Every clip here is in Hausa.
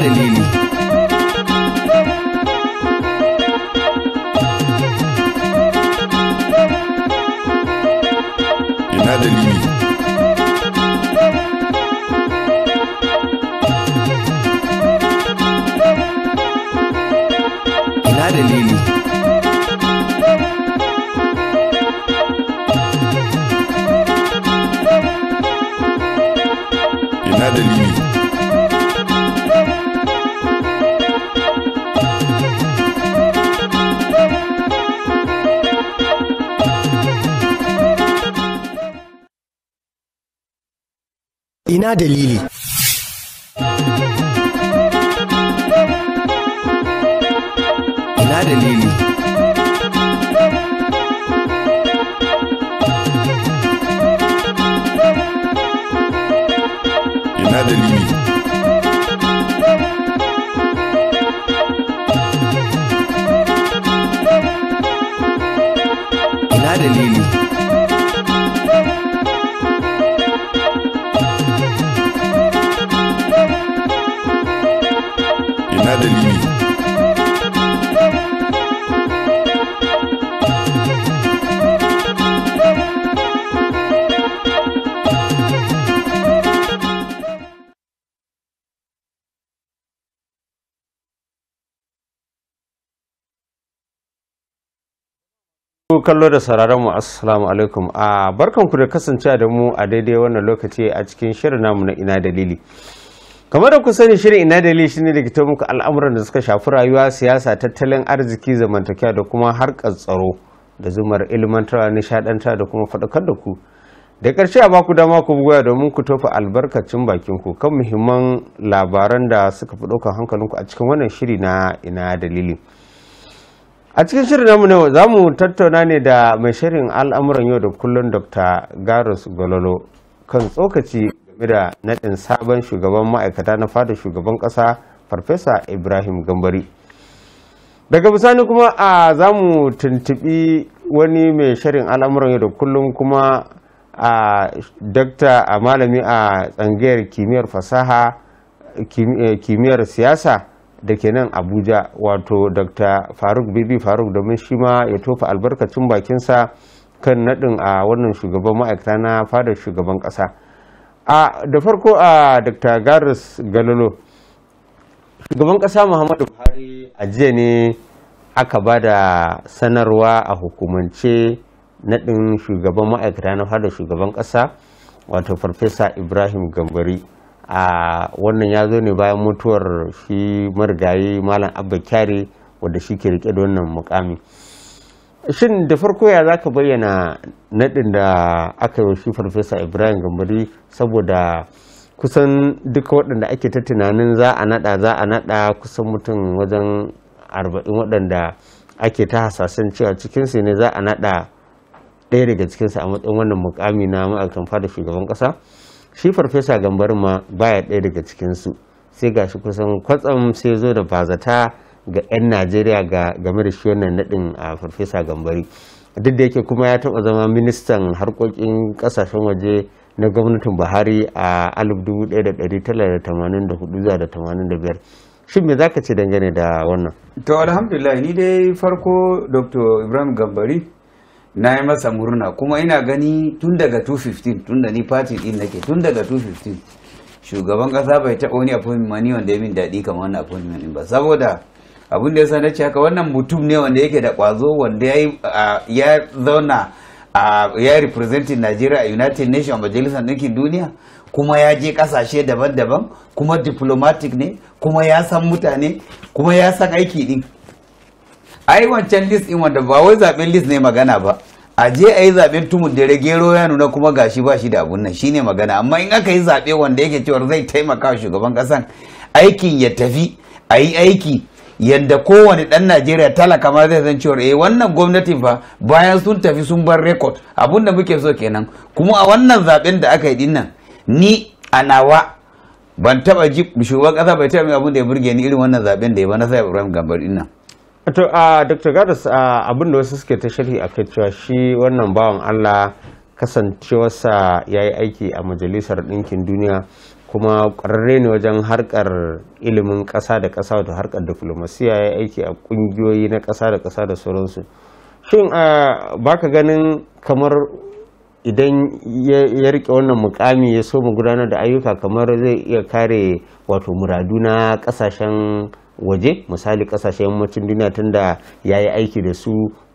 Marilyn. ina dalili kallo da sauraron mu assalamu alaikum a barkan ku da kasancewa da mu a daidai wannan lokaci a cikin shirin namu na ina dalili kamar da ku sani shirin ina dalili shine da ke muku al'amuran da suka shafi rayuwa siyasa tattalin arziki zamantakewa da kuma harkar tsaro da zumar ilmantarwa nishadantarwa da kuma faɗakar da ku da ƙarshe a baku dama ku bugoya domin ku tofa albarkacin bakin ku kan muhimman labaran da suka fi ɗaukar hankalinku a cikin wannan shiri na ina dalili. a cikin shirin namu ne za mu tattauna ne da mai shirin al'amuran yau da kullum dr garus gololo kan tsokaci game da naɗin sabon shugaban ma'aikata na fada shugaban ƙasa farfesa ibrahim gambari daga bisani kuma a za mu tuntuɓi wani mai shirin al'amuran yau da kullum kuma a dakta a malami a tsangayar kimiyyar fasaha eh, kimiyyar siyasa da ke nan abuja wato dr faruk bibi faruk domin shi ma ya tofa albarkacin bakinsa kan nadin a wannan shugaban ma'aikata na fadar shugaban kasa a da farko a dr garis galolo shugaban kasa muhammadu buhari a jiya ne aka ba da sanarwa a hukumance nadin shugaban ma'aikata na fadar shugaban kasa wato farfesa ibrahim gambari a wannan ya zo ne bayan mutuwar shi marigayi malam abba kyari wadda shi ke rike da wannan mukami shin da farko ya za ka bayyana nadin da aka yi shi farfesa ibrahim gambari saboda kusan duka waɗanda ake ta tunanin za a naɗa za a naɗa kusan mutum wajen arba'in waɗanda ake ta hasasan cewa cikinsu ne za a naɗa ɗaya daga cikinsu a matsayin wannan mukami na ma'aikatan fada shugaban ƙasa shi farfesa gambar ma baya ɗaya daga cikinsu sai gashi kusan kwatsam sai zo da bazata ga 'yan najeriya game da shi wannan naɗin a farfesa gambari duk da yake kuma ya taɓa zama ministan harkokin ƙasashen waje na gwamnatin buhari a 1984 zuwa da 85 shin me zaka ce dangane da wannan to alhamdulillah ni dai farko dr ibrahim gambari na yi masa murna kuma ina gani tun daga 215 tun da ni party din nake tun daga 215 shugaban kasa bai taɓa wani appointment mani wanda ya min daɗi kama wannan appointment mani ba saboda abin da ya sanar ce wannan mutum ne wanda yake da kwazo wanda ya zauna ya representing Najeriya a United Nations majalisar ɗinkin duniya kuma ya je kasashe daban-daban kuma diplomatic ne kuma ya san mutane kuma ya san aiki din ai wancan list in wanda ba wai zaben list ne magana ba a je a yi zaben tumun dare gero ya nuna kuma gashi ba shi da abun nan shine magana amma in aka yi zabe wanda yake cewa zai taimaka wa shugaban kasan aikin ya tafi a yi aiki yadda kowane dan Najeriya talaka ma zai san cewa eh wannan gwamnatin fa bayan sun tafi sun bar rekod abun da muke so kenan kuma a wannan zaben da aka yi dinnan ni a nawa ban taba ji shugaban kasa bai taba abun da ya burge ni irin wannan zaben da ya ba na sai Ibrahim Gambar dinnan to a dr gadas abin da wasu suke ta sharhi a kai cewa shi wannan bawan allah kasancewarsa ya yi aiki a majalisar ɗinkin duniya kuma ƙwararre ne wajen harkar ilimin ƙasa da ƙasa wato harkar diflomasiya ya yi aiki a ƙungiyoyi na ƙasa da ƙasa da sauransu shin baka ganin kamar idan ya rike wannan mukami ya so mu gudanar da ayyuka kamar zai iya kare wato muradu na ƙasashen waje misali kasashen yammacin duniya tunda ya yi aiki da su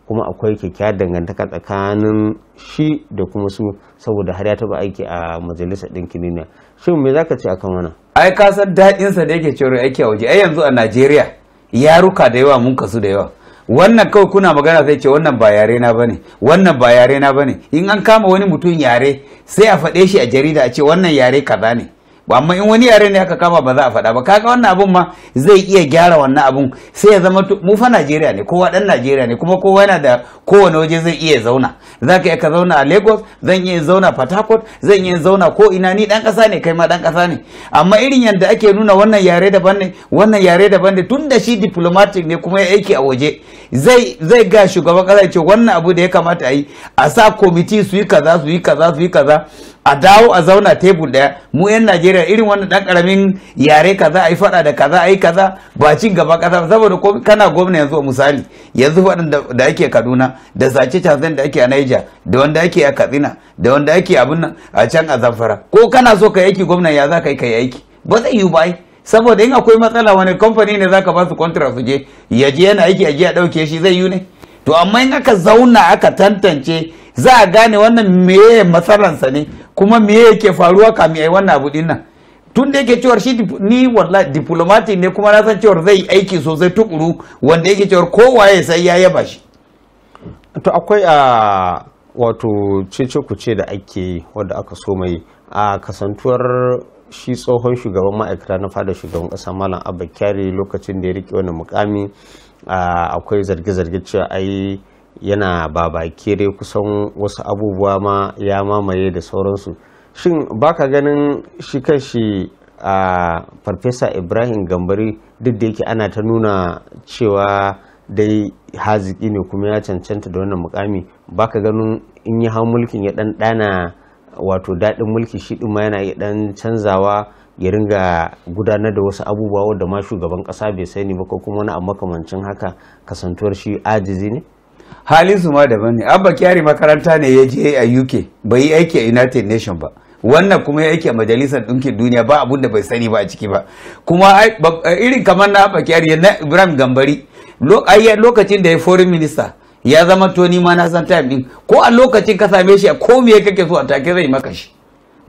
kuma akwai kyakkyawar dangantaka tsakanin shi da kuma su saboda har ya taba aiki a majalisar ɗinkin duniya shin me zaka ce akan wannan ai ka san daɗin sa da yake cewa aiki a waje ai yanzu a Najeriya yaruka da yawa mun kasu da yawa wannan kawai kuna magana sai ce wannan ba yare na bane wannan ba yare na bane in an kama wani mutum yare sai a faɗe shi a jarida a ce wannan yare kaza ne amma in wani yare ne aka kama ba za a faɗa ba kaga wannan abun ma zai iya gyara wannan abun sai ya zama mu fa Najeriya ne kowa dan Najeriya ne kuma kowa yana da kowane waje zai iya zauna zaka iya ka zauna a Lagos zan iya zauna Port Harcourt zan iya zauna ko ina ni dan ƙasa ne kai ma dan ƙasa ne amma irin yadda ake nuna wannan yare daban ne wannan yare daban ne tun da shi diplomatic ne kuma ya aiki a waje zai zai ga shugaban ƙasa ya ce wannan abu da ya kamata a yi a sa committee su yi kaza su yi kaza su yi kaza a dawo a zauna tebul daya mu yan najeriya irin wannan dan karamin yare kaza a yi fada da kaza a yi kaza ba cin gaba kaza saboda ko kana gwamna yanzu misali yanzu fadan da ake kaduna da zace canzan da ake a niger da wanda ake a katsina da wanda ake abin a can a zamfara ko kana so ka aiki gwamna ya za ka yi ka aiki ba zai yi ba saboda in akwai matsala wani kamfani ne za ka ba su kwantara su je ya yana aiki a je a ɗauke shi zai yiwu ne to amma in aka zauna aka tantance za a gane wannan meye matsaransa ne kuma meye yake faruwa kamin ai wannan abu dinnan tun da yake cewar shi ni wallahi diplomati ne kuma na san cewar zai aiki sosai tukuru wanda yake cewar kowaye sai ya yaba shi to akwai a ah, wato cece kuce da ake wanda aka so mai a kasantuwar shi tsohon shugaban ma'aikata na fada shugaban kasa malam abba kyari lokacin da ya rike wani mukami akwai zarge-zarge cewa ai yana babakere kusan wasu abubuwa ma ya mamaye da sauransu shin baka ganin shi kanshi a farfesa ibrahim gambari duk da yake ana ta nuna cewa dai haziki ne kuma ya cancanta da wannan mukami baka ganin in yi hau mulkin ya dan dana wato daɗin mulki shi ma yana iya dan canzawa ya ringa gudanar da wasu abubuwa wadda ma shugaban kasa bai sani ba ko kuma wani a makamancin haka kasantuwar shi ajizi ne halin su ma daban ne abba kyari makaranta ne ya je a uk bai yi aiki a united nation ba wannan kuma ya aiki a majalisar ɗinkin duniya ba abun da bai sani ba a ciki ba kuma irin kamar na abba kyari na ibrahim gambari lokacin da ya foreign minister ya zama toni ni ma na san time din ko a lokacin ka same shi ko me kake so a take zai maka shi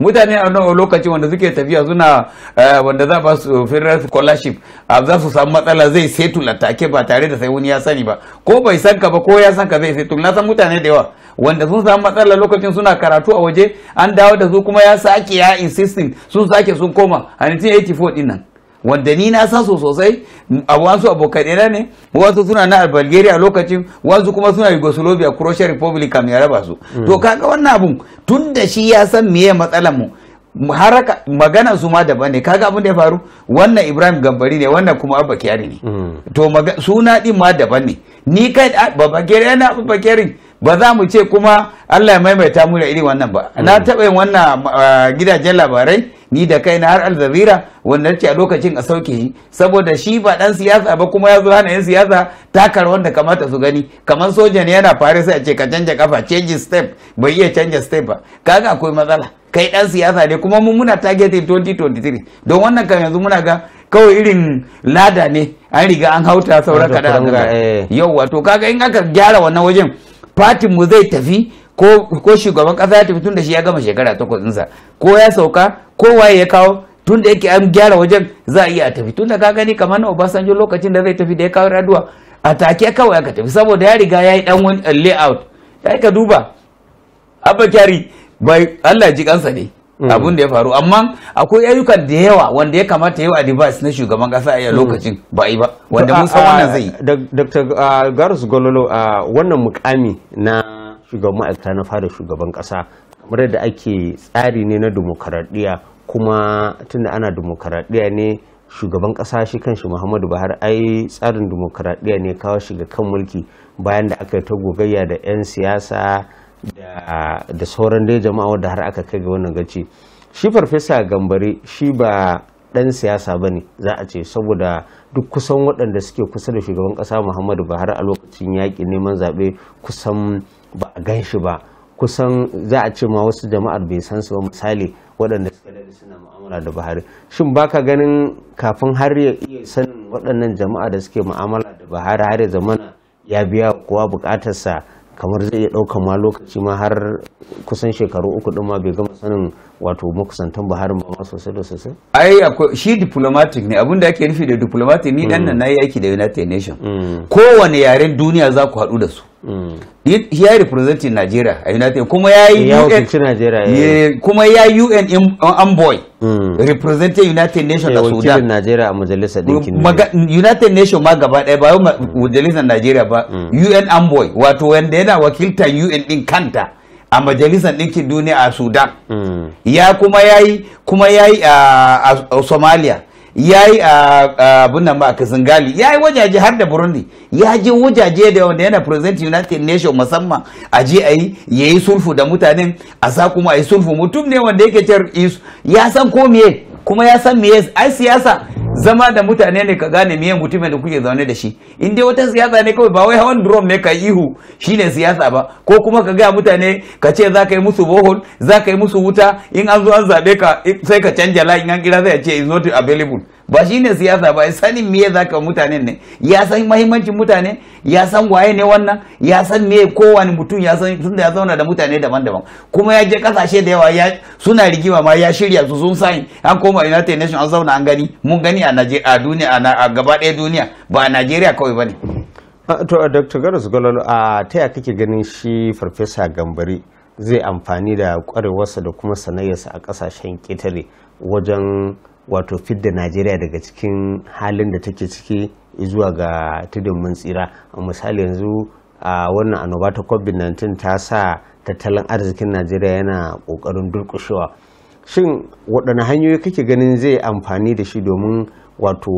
mutane a nan lokacin wanda suke tafiya suna eh, wanda za ba su federal scholarship za su samu matsala zai setu take ba tare da sai wani ya sani ba ko bai san ka ba ko ya san ka zai setu na san mutane da yawa wanda sun samu matsala lokacin suna karatu a waje an dawo da su kuma ya sake ya insisting sun sake sun koma a 1984 din wanda ni na san su sosai wasu na ne wasu suna na bulgaria lokacin wasu kuma suna yugoslavia croatia republic kam ya raba su mm. to kaga wannan abun tun da shi ya san meye matsalar mu haraka magana su ma daban ne kaga abun da ya faru wannan ibrahim gambari ne wannan kuma abba kyari ne mm. to suna din ma daban ne ni kai babba kyari yana abba ba za mu ce kuma Allah ya maimaita mu da irin wannan ba na mm. taɓa yin wannan ah, gidajen labarai ni da kai na har alzazira wanda ce a lokacin a sauke shi saboda shi ba dan siyasa ba kuma ya zo hana yan siyasa takar wanda kamata su gani kamar soja ne yana fare sai a ce ka canja kafa change step bai iya canja step ba kaga akwai matsala kai dan siyasa ne kuma mun muna targeting 2023 don wannan kan yanzu muna ga kawai irin lada ne an riga an hauta saura kaɗan eh. yau wato kaga in aka gyara wannan wajen fatin mu zai tafi ko shugaban kasa ya tafi tun da shi ya gama shekara takwas ɗinsa ko ya sauka ko waye ya kawo tun da yake an gyara wajen za a iya a tafi tun da ka gani kamar na Obasanjo lokacin da zai tafi da ya kawo raduwa a take kawai aka tafi saboda ya riga ya yi dan wani layout ya ka duba abba kyari bai Allah ji kansa ne Mm. abin da ya faru amma akwai ayyukan da yawa wanda ya kamata yau advice na shugaban kasa a mm. lokacin ba yi ba wanda mun san wannan zai dr uh, garus gololo a uh, wannan mukami na shugaban ma'aikata na fara shugaban kasa kamar da ake tsari ne na demokaradiyya kuma tunda ana demokaradiyya ne shugaban kasa shi kanshi muhammadu buhari ai tsarin demokaradiyya ne kawo shiga kan mulki bayan da aka yi ta gogayya da 'yan siyasa da sauran dai jama'a wadda har aka kai ga wannan gaci shi farfesa gambari shi ba dan siyasa ba ne za a ce saboda duk kusan waɗanda suke kusa da shugaban ƙasa muhammadu buhari a lokacin yaƙi neman zaɓe kusan ba a gan shi ba kusan za a ce ma wasu jama'ar bai san su ba misali waɗanda suka daɗe suna mu'amala da buhari shin baka ganin kafin har ya iya sanin waɗannan jama'a da suke ma'amala da buhari har ya zamana ya biya kowa buƙatarsa kamar zai iya ɗauka ma lokaci ma har kusan shekaru uku ɗin ma bai gama sanin wato makusantan buhari ma sosai da sosai ai akwai shi diplomatic ne abinda ake nufi da diplomatic ni dan nan mm. nayi aiki da united nation mm. kowane yaren duniya za ku haɗu da su mm. ya yi representing nigeria a united kuma ya yi un eh. kuma ya yi un envoy representing united nation da sudan nigeria a majalisar dinkin united nation ma gaba ɗaya ba majalisar nigeria ba un envoy wato wanda yana wakiltar un din kanta a majalisar ɗinkin duniya a sudan hmm. ya kuma yayi kuma yi a somalia ya yi abin nan ba a kasingali ya yi wajaje har da burundi ya je wajaje da wanda yana present united nation musamman a je a yi ya yi sulfu da mutanen a sa kuma a yi sulfu mutum ne wanda yake cewar ya san ko miye kuma ya san me ai siyasa zama da mutane ne ka gane miye mutumin da kuke zaune da shi in dai wata siyasa ne kawai ba wai hawan drum ne ka ihu shine siyasa ba ko kuma ka gaya mutane ka ce za ka yi musu bohol za ka yi musu wuta in an zo an zabe ka sai ka canja layin an kira zai ce is not available ba shi ne siyasa ba sanin me za ka mutanen ne ya san mahimmancin mutane ya san waye ne wannan ya san me kowane mutum ya san tunda ya zauna da mutane daban-daban kuma ya je kasashe da yawa ya suna rigima ma ya shirya su sun sani an koma United Nations an zauna an gani mun gani a a duniya a gaba ɗaya duniya ba a nigeria kawai ba bane to Dr. Garus Gololo a taya kake ganin shi Farfesa Gambari zai amfani da kwarewarsa da kuma sanayyarsa a kasashen ƙetare wajen wato fidda najeriya daga cikin halin da take ciki zuwa ga tudun mun tsira a misali yanzu a wannan annoba ta covid-19 ta sa tattalin arzikin najeriya yana kokarin durkushewa shin waɗanne hanyoyi kake ganin zai amfani da shi domin wato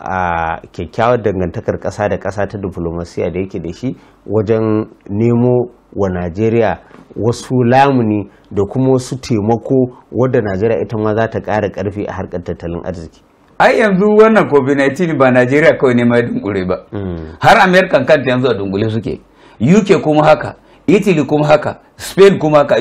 a kyakkyawar dangantakar ƙasa da ƙasa ta diflomasiya da yake da shi wajen nemo wa najeriya wasu lamuni da kuma wasu taimako wadda najeriya ita ma za ta ƙara ƙarfi a harkar tattalin arziki ai yanzu wannan covid-19 ba najeriya kawai ne mai dunkule ba mm. har american kanta yanzu a dunkule suke uk kuma haka italy kuma haka spain kuma haka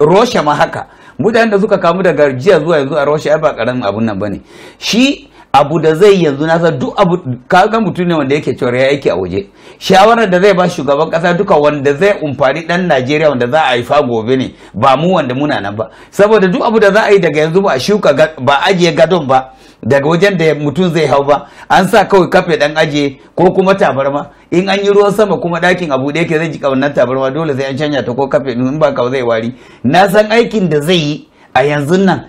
russia ma haka mutanen da suka kamu daga jiya zuwa yanzu a russia ba karamin abun nan bane shi abu da zai yanzu na san duk abu kaga mutum ne wanda yake cewa ya yake a waje shawarar da zai ba shugaban kasa duka wanda zai umfani dan Najeriya wanda za a haifa gobe ne ba mu wanda muna nan ba saboda duk abu da za a yi daga yanzu ba a shuka ba ajiye gadon ba daga wajen da mutum zai hau ba an sa kawai kafe dan ajiye ko kuma tabarma in an yi ruwan sama kuma dakin abu da yake zai ji wannan tabarma dole sai an canja ta ko kafe in ba kawai zai wari na san aikin da zai yi a yanzu nan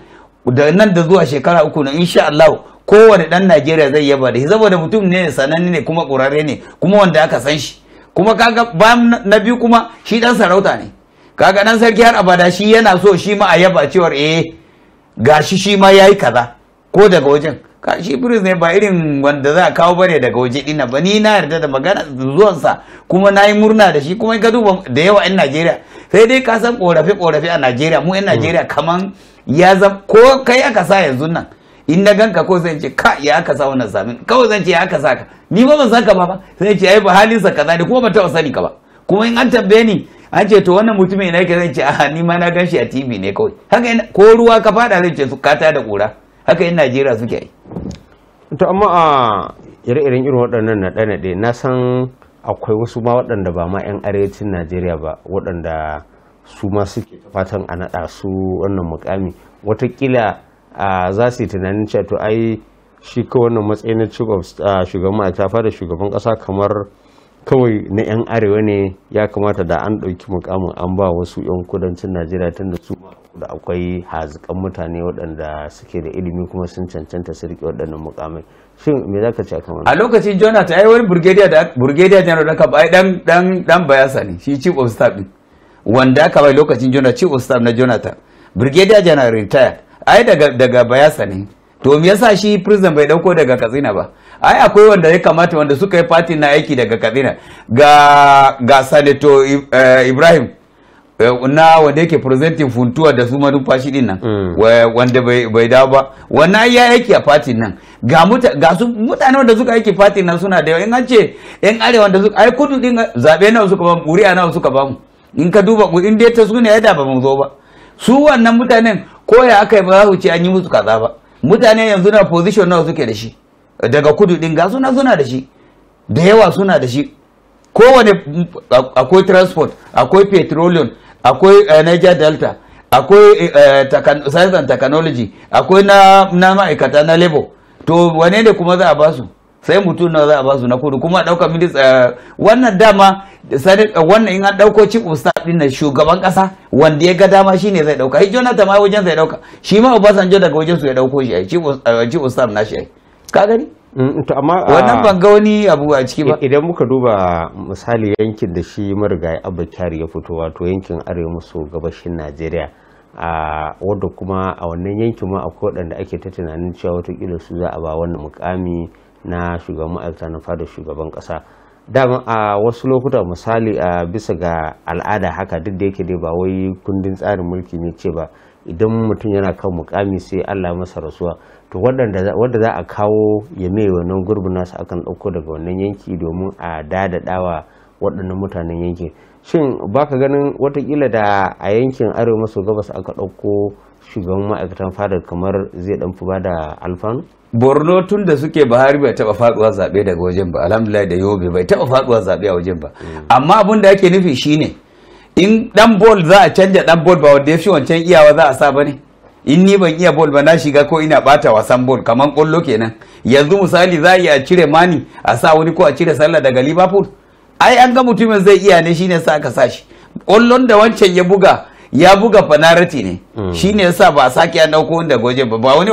da nan da zuwa shekara uku na insha Allah kowane dan Najeriya zai yaba da shi saboda mutum ne sananne ne kuma kurare ne kuma wanda aka san shi kuma kaga ba na biyu kuma shi dan sarauta ne kaga dan sarki har abada shi yana so shi ma a yaba cewar eh gashi shi ma yayi kaza ko daga wajen ka shi prince ne ba irin wanda za a kawo bane daga waje dina ba ni na yarda da magana zuwansa kuma na murna da shi kuma ka duba da yawa 'yan Najeriya sai dai ka san korafe korafe a Najeriya mu 'yan Najeriya kaman ya zama ko kai aka sa yanzu nan in na ganka ko zan ce ka ya aka sa wannan zamin kawai zan ce ya aka sa ka ni ba ban san ka ba ba sai ce ai ba halin sa kaza ne kuma ba ta sani ka ba kuma in an tambaye ni an ce to wannan mutumin ina yake zan ce a ni ma na gan shi a TV ne kawai haka ko ruwa ka fada zan ce su kata da kura haka in Najeriya suke yi to amma a ire-iren irin waɗannan naɗe-naɗe na san akwai wasu ma waɗanda ba ma 'yan arewacin Najeriya ba waɗanda su ma suke fatan a naɗa su wannan mukami watakila za su yi tunanin cewa to ai shi ka wannan matsayi na chief of shugaban ma'aikata fara shugaban kasa kamar kawai na 'yan arewa ne ya kamata da an ɗauki mukamin an ba wasu 'yan kudancin najeriya tun da su da akwai hazikan mutane waɗanda suke da ilimi kuma sun cancanta su riƙe waɗannan mukamai shin me za ka ce kamar a lokacin jonathan ai wani burgediya general da kaba ai dan dan dan bayasa ne shi chief of staff din wanda aka bai lokacin jonathan chief of staff na jonathan brigadier general retired ai daga daga bayasa ne to me yasa shi prison bai dauko daga katsina ba ai akwai wanda ya kamata wanda suka yi party na aiki daga katsina ga ga sanato eh, ibrahim eh, na wanda yake presenting funtuwa da su manufashi din nan mm. wanda bai dawo ba wannan ya aiki a party nan ga ga su mutane wanda suka aiki party nan suna da yawa in an ce yan arewa wanda suka ai kudu din zabe nawa suka ba mu kuri'a nawa suka ba mu in ka duba in dai ta su ne ya da ba mu zo ba su wannan mutanen ko ya aka yi ba za su ce an yi musu kaza ba mutane yanzu na position nawa suke da shi daga kudu din ga suna suna da shi da yawa suna da shi kowane akwai transport akwai petroleum akwai eh, niger delta akwai eh, science and technology akwai na ma'aikata na labor to wane ne kuma za a basu sai mutum na za a basu na kudu kuma dauka minis eh, wannan dama eh, wannan in an dauko cin usta staff din shugaban kasa wanda ya ga dama shine zai dauka shi Jonathan ma wajen zai dauka shi ma Obasanjo daga wajen su ya dauko shi ai chief usta na shi ai ka gani mm, to amma wannan ah, ban ga wani abu a ciki ba idan muka duba misali yankin da shi marigayi Abba Kyari ya fito wato yankin arewa maso gabashin Najeriya a wadda kuma a wannan yankin ma akwai waɗanda ake ta tunanin cewa watakila su za a ba wannan mukami na shugaban ma'aikata na fadar shugaban kasa dama a wasu lokuta misali a bisa ga al'ada haka duk da yake dai ba wai kundin tsarin mulki ne ce ba idan mutum yana kan mukami sai allah masa rasuwa to wadda za a kawo ya mai wannan gurbin nasu akan ɗauko daga wannan yanki domin a dadadawa waɗannan mutanen yanki shin baka ganin watakila da a yankin arewa maso gabas aka ɗauko shugaban ma'aikatan fadar kamar zai ɗan fi ba da alfanu borno tun da suke buhari bai taba faduwa zabe daga wajen ba alhamdulillah da yobe bai taba faduwa zabe a wajen ba mm. amma abin da ake nufi shine in dan bol za a canja dan bol ba wanda ya fi wancan iyawa za a sa ba ne in ni ban iya ball ba na shiga ko ina bata wasan bol kamar kwallo kenan yanzu misali za a iya cire mani a sa wani ko a cire sallah daga liverpool ai an ga mutumin zai iya ne shine sa aka sa shi kwallon da wancan ya buga ya buga fanarati ne hmm. shi ne ya sa ba a sake ya dauko wanda goje ba ba wani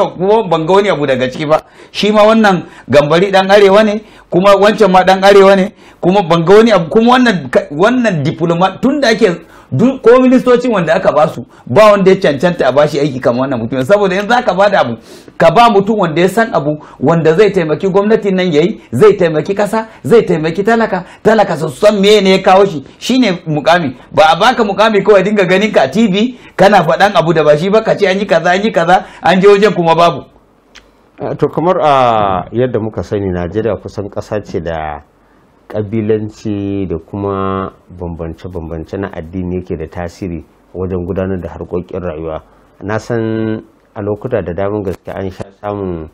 ban ga wani abu daga ciki ba shi ma wannan gambari dan arewa ne kuma wancan ma dan arewa ne kuma ban ga wani abu kuma wannan wannan diplomat tun da ake ko ministocin wanda aka ba su ba wanda ya cancanta a bashi aiki kamar wannan mutum saboda yanzu aka da abu ka ba mutum wanda ya san abu wanda zai taimaki gwamnatin nan yayi zai taimaki kasa zai taimaki talaka talaka su san me ne ya kawo shi shine mukami ba a baka mukami kawai dinga ganin ka a TV kana faɗan abu da ba shi ba ka ce an yi kaza an yi kaza an je wajen kuma babu eh, to kamar a yadda muka sani Najeriya kusan ƙasa ce da kabilanci da kuma bambance-bambance na addini yake da tasiri wajen gudanar da harkokin rayuwa na san a lokuta da damar gaske an sha samun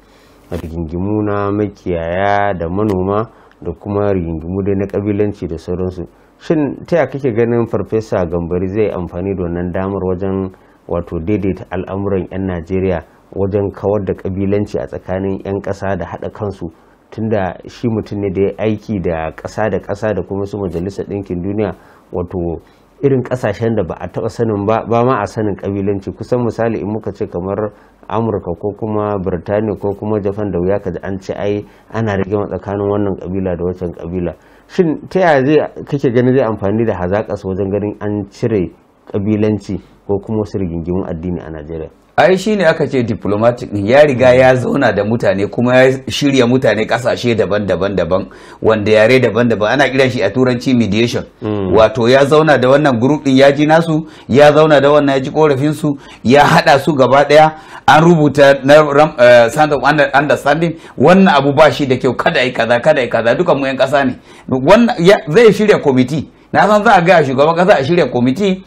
rigingimu na makiyaya da manoma da kuma rigingimu dai na kabilanci da sauransu shin ta ya kake ganin farfesa gambari zai amfani da wannan damar wajen wato daidaita al'amuran 'yan najeriya wajen kawar da kabilanci a tsakanin 'yan ƙasa da haɗa kansu tunda shi mutum ne da ya aiki da ƙasa da ƙasa da kuma su majalisar ɗinkin duniya wato irin kasashen da ba a taba sanin ba ba ma a sanin kabilanci kusan misali in muka ce kamar amurka ko kuma birtaniya ko kuma japan da wuya kaji an ce ai ana rage tsakanin wannan kabila da wancan kabila shin ta yaya zai kake gani zai amfani da hazaƙas wajen ganin an cire kabilanci ko kuma wasu rigingimun addini a najeriya ai shi ne aka ce diplomatic ɗin ya riga ya zauna da mutane kuma ya shirya mutane kasashe daban-daban daban wanda yare daban-daban ana kiran shi a turanci mediation mm. wato ya zauna da wannan group ɗin ya ji nasu ya zauna da wannan ya ji korafin su ya hada su gaba daya an rubuta na ram eh, sand understanding wannan abu ba shi da kyau kada ai kaza kada ai kaza dukan mu yan kasa ne wannan zai shirya committee na san za a ga shugaban kasa a shirya committee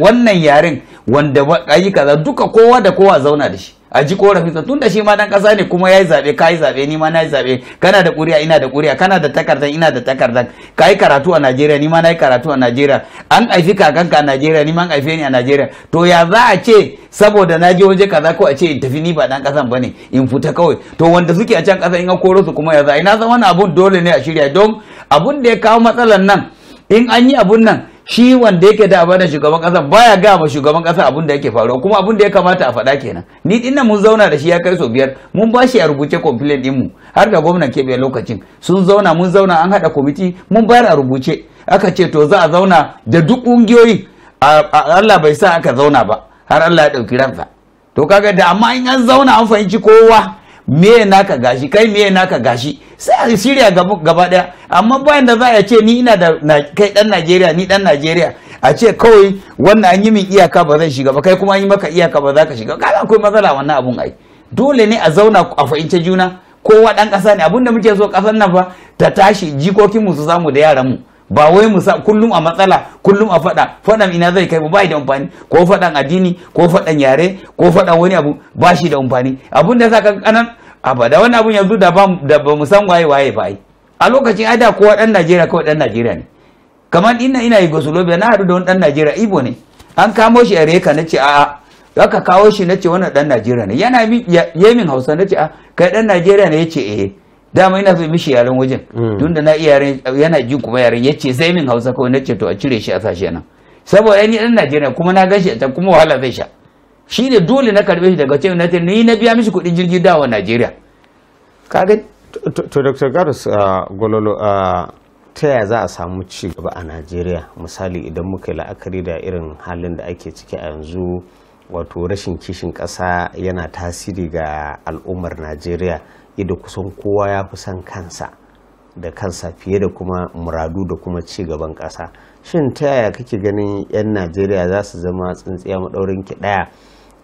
wannan yaren wanda ayi kaza duka kowa da kowa zauna da shi a ji korafinsa tun da shi ma dan kasa ne kuma yayi zabe kai zabe ni ma nayi zabe kana da kuriya ina da kuriya kana da takardan ina da takardan kai karatu a Najeriya ni ma nayi karatu a Najeriya an aifi kakanka a Najeriya ni ma an aife ni a Najeriya to ya za a ce saboda na je waje kaza ko a ce in tafi ni ba dan kasan bane in fita kawai to wanda suke a can kasa in ga koro su kuma ya za ina zama wani abun dole ne a shirya don abun da ya kawo matsalan nan in an yi abun nan shi wanda yake da abada shugaban kasa baya ga ma shugaban kasa abin da yake faruwa kuma abin da ya kamata a faɗa kenan ni din mun zauna da shi ya kai so biyar mun ba shi a rubuce complaint din mu har da gwamnan biya lokacin sun zauna mun zauna an hada committee mun bayar a rubuce aka ce to za a zauna da duk kungiyoyi Allah bai sa aka zauna ba har Allah ya dauki ransa to kaga da amma in an zauna an fahimci kowa meye naka gashi kai meye naka gashi sai a shirya gaba daya amma bayan da za ce ni ina da kai dan Najeriya ni dan Najeriya a ce kawai wannan an yi min iyaka ba zai shiga ba kai kuma an yi maka iyaka ba za ka shiga kaga akwai matsala wannan abun ai dole ne a zauna a fahimci juna kowa dan kasa ne abinda muke so kasar nan fa ta tashi jikokin mu su samu da yaran mu ba wai musa kullum a matsala kullum a fada fadan ina zai kai ba ba da amfani ko fadan addini ko fadan yare ko fadan wani abu ba shi da amfani abun da saka kanan abada wannan abun yanzu da ba da ba mu san waye waye ba a lokacin ada kowa dan Najeriya kawai dan Najeriya ne kamar ina ina Yugoslavia na hadu da wani dan Najeriya Ibo ne an kamo shi a Reka na ce a'a aka kawo shi na ce wannan dan Najeriya ne yana min yemin Hausa na ce a kai dan Najeriya ne yace eh dama ina so mishi yaren wajen don mm. da na iya yaren yana jin kuma yaren yace sai min hausa kawai na ce to a cire shi a sashe nan saboda ni dan Najeriya kuma na gashi ta kuma wahala zai sha shi ne dole na karbe shi daga cewa ni na biya mishi kuɗin jirgin dawa Najeriya kaga to Dr. Garus Gololo ta yaya za a samu ci gaba a Najeriya misali idan muka yi la'akari da irin halin da ake ciki a yanzu wato rashin kishin ƙasa yana tasiri ga al'ummar Najeriya ida kusan kowa ya fi son kansa da kansa fiye da kuma muradu da kuma ci gaban ƙasa shin ta yaya kake ganin 'yan najeriya za su zama tsintsiya maɗaurin ki ɗaya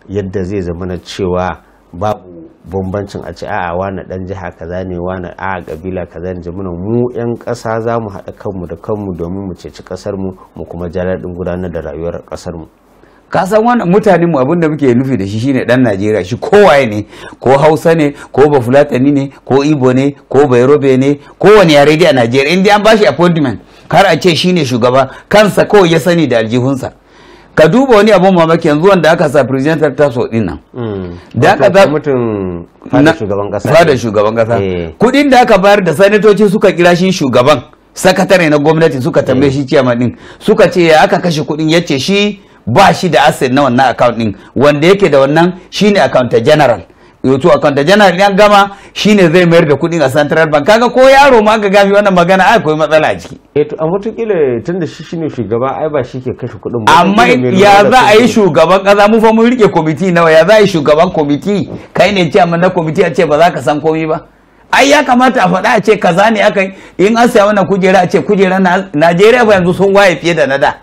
yadda zai zama na cewa babu bambancin a ce a'a wani ɗan jiha kaza ne wani a kabila kaza ne jamuna mu 'yan ƙasa za mu haɗa kanmu da kanmu domin mu ceci ƙasarmu mu kuma jaladin gudanar da rayuwar ƙasarmu ka san wannan mutanenmu abin da muke nufi da shi shine dan najeriya shi kowaye ne ko hausa ne ko bafulatani ne ko ibo ne ko bairobe ne ko wani yare dai a najeriya in dai an bashi appointment kar a ce shine shugaba kansa ko ya sani da aljihunsa ka duba wani abun mamaki yanzu wanda aka sa ta so din dinnan. da aka mutum fada shugaban kasa fada shugaban kasa eh. kudin da aka bayar da sanatoci suka kira shi shugaban sakatare na gwamnati suka tambaye shi chairman din suka ce ya aka kashe kudin yace shi ba shi da asset na wannan account din wanda yake da wannan shine account general yoto account general yan gama shine zai mayar da kudin a central bank kaga ko yaro ma ga gafi wannan magana ai koyi matsala a ciki eh to amma tukile tunda shi shine shugaba ai ba shi ke kashe kudin ba amma ya za a yi shugaban kaza mu fa mun rike committee nawa ya za a yi shugaban committee kai ne amma na committee a ce ba za ka san komai ba ai ya kamata a faɗa a ce kaza ne aka in an saya wannan kujera a ce kujera na Najeriya ba yanzu sun waye fiye da na da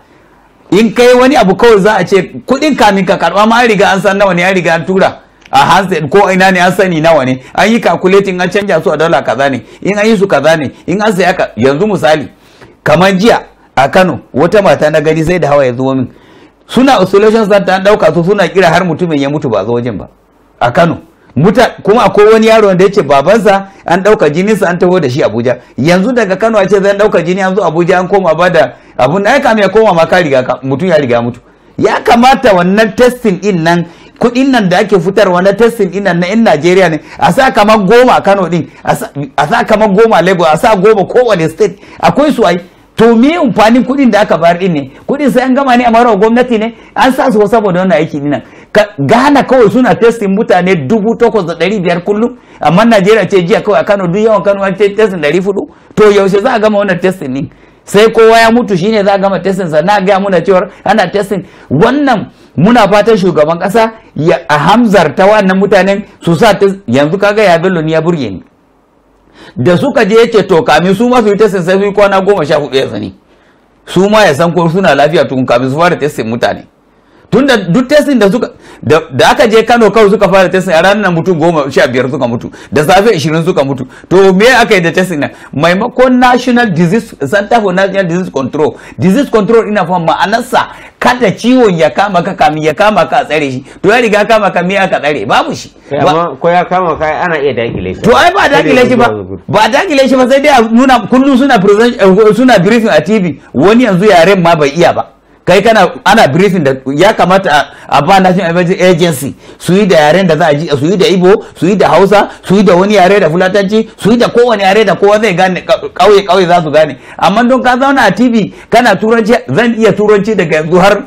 in kai wani abu kawai za a ce kuɗin kamin ka karɓa ma an riga an san nawa ne an riga an tura a hansen ko ina ne an sani nawa ne an yi calculating an canja su a dala kaza ne in an yi su kaza ne in an saya ka yanzu misali kamar jiya a Kano wata mata na gani sai da hawa ya zuwa min suna isolation center an dauka su suna kira har mutumin ya mutu ba zo wajen ba a Kano kuma akwai wani yaro da yake babansa an ɗauka sa an taho da shi abuja yanzu daga kano a ce zan ɗauka jini an zo abuja an koma bada da abun da ya kama ya koma maka ka riga mutum ya riga mutu ya kamata wannan testin din nan kuɗin nan da ake fitarwa na testin din nan na in najeriya ne a sa kamar goma a kano din a sa kamar goma lagos a sa goma kowane state akwai su ai to me amfanin kuɗin da aka bayar din ne kuɗin sai an gama ne a marar gwamnati ne an sa su saboda wannan aiki din nan Ghana kawai suna testin mutane dubu takwas da ɗari biyar kullum amma Najeriya ce jiya kawai a Kano duk yawan Kano an testin ɗari fudu to yaushe za a gama wannan testin ne sai kowa ya mutu shine za a gama testin sa na gaya muna cewar ana testin wannan muna fatan shugaban kasa ya hamzarta wannan mutanen su sa yanzu kaga ya bello ni ya burge ni da suka je yace to kamin su ma su yi testin sai su yi kwana goma sha hudu ya sani su ma ya san ko suna lafiya tukun kamin su fara testin mutane tunda duk testin da suka da aka je Kano kawai suka fara testing a ranar mutum goma sha biyar suka mutu da safe ishirin suka mutu to me aka yi da testing nan maimakon national disease center for national disease control disease control ina fa ma'anarsa kada ciwon ya kama ka kamin ya kama ka tsare shi to ya riga kama ka me aka tsare babu shi amma ko ya kama ka ana iya dakile shi to ai ba dakile shi ba ba dakile shi ba sai dai nuna kullun suna eh, suna briefing a TV wani yanzu yaren ma bai iya ba kai kana ana briefing da ya kamata a ba national emergency agency su yi da yaren da za a ji su yi da ibo su yi da hausa su yi da wani yare da fulatanci su yi da kowane yare da kowa zai gane kauye kauye za su gane amma don ka zauna a tv kana turanci zan iya turanci daga yanzu har